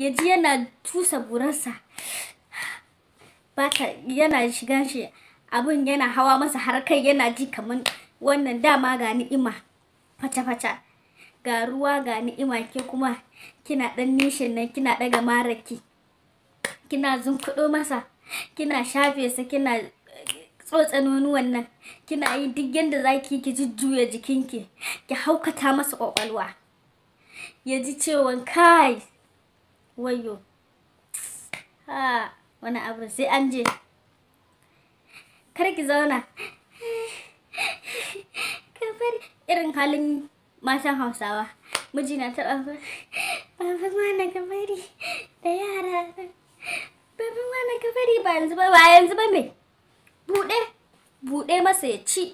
Yaji yana tusa burinsa bata yana shiga shi abin yana hawa masa har kai yana ji kaman wannan dama ga ni'ima fata-fata ga ruwa ga ni'ima ke kuma kina dan nishin nan kina daga maraki kina zunkudo masa kina shafe sa kina eh, tsotsa nonuwan wannan? kina yi duk yadda za ki ki jujjuya jikinki ki haukata masa kwakwalwa Yaji ji cewa kai wayo ha wani abu sai an je kar ki zauna kafar irin halin matan hausawa miji na taba baba mana ka bari da yara baba mana ka bari ba yanzu ba ba yanzu ba me buɗe buɗe masa ya ci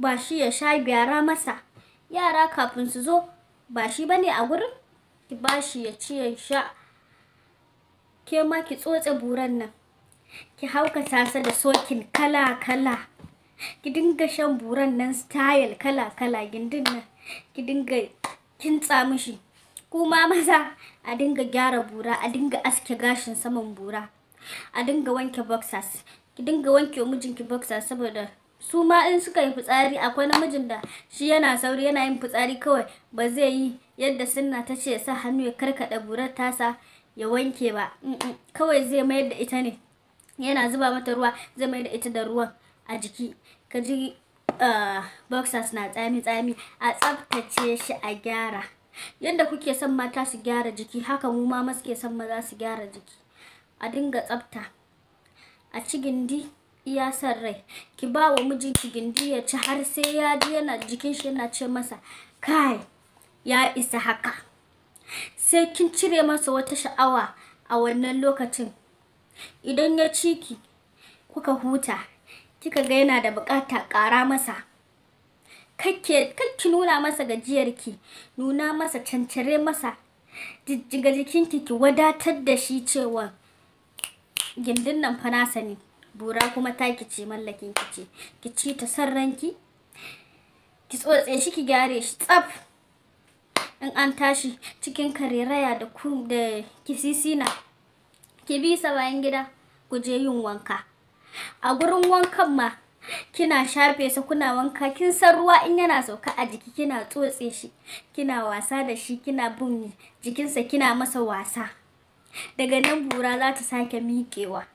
ba shi ya sha gyara masa yara kafin su zo ba shi bane a gurin ki bashi ya ci ya sha ke ma ki tsotse buran nan ki hauka tasa da sokin kala kala ki dinga shan buran nan style kala kala gindin nan ki dinga kintsa mishi kuma maza a dinga gyara bura a dinga aske gashin saman bura a dinga wanke boxers ki dinga wanke mijinki boxers saboda suma in suka yi fitsari akwai namijin da shi yana sauri yana yin fitsari kawai ba zai yi yadda sunna ta ce sa hannu ya karkaɗa burar tasa ya wanke ba kawai zai mayar da ita ne yana zuba mata ruwa zai mayar da ita da ruwan a jiki ka ji ah, boxers na tsami tsami a tsaftace shi a gyara yadda kuke son mata su gyara jiki haka mu ma suke son maza su gyara jiki a dinga tsafta a cigindi iya san rai ki ba wa mijinki gindi ya ci har sai ya ji yana jikin shi yana ce masa kai ya isa haka sai kin cire masa wata sha'awa a wannan lokacin idan ya ci ki kuka huta kika ga yana da bukata kara masa kakke kakki nuna masa gajiyar ki nuna masa cancare masa jijjiga jikinki ki wadatar da shi cewa gindin nan fa ne bura kuma ta ce mallakin ki ce ki ci ta sarranki ki tsotse shi ki gyare shi tsaf in an tashi cikin kareraya da ku da kisisina ki bi sa bayan gida ku je yin wanka a gurin wankan ma kina shafe sa kuna wanka kin san ruwa in yana sauka a jiki kina tsotse shi kina wasa da shi kina bin jikinsa kina masa wasa daga nan bura za ta sake miƙewa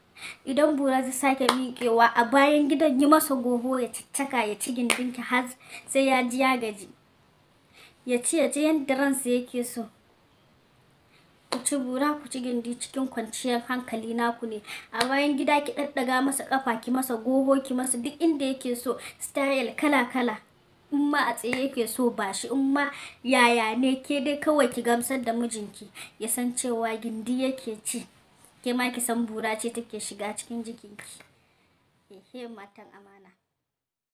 idan bura zai sake miƙewa a bayan gidan yi masa goho ya cicaka ya ci gindin ki har sai ya ji ya gaji ya ci ya ji yadda ransa yake so ku ci bura ku ci gindi cikin kwanciyar hankali naku ne a bayan gida ki ɗaɗɗaga masa ƙafa ki masa goho ki masa duk inda yake so style kala kala in ma a tsaye yake so ba shi in ma yaya ne ke dai kawai ki gamsar da mijinki ya san cewa gindi yake ci ke ma ki san bura ce take shiga cikin jikinki ehe matan amana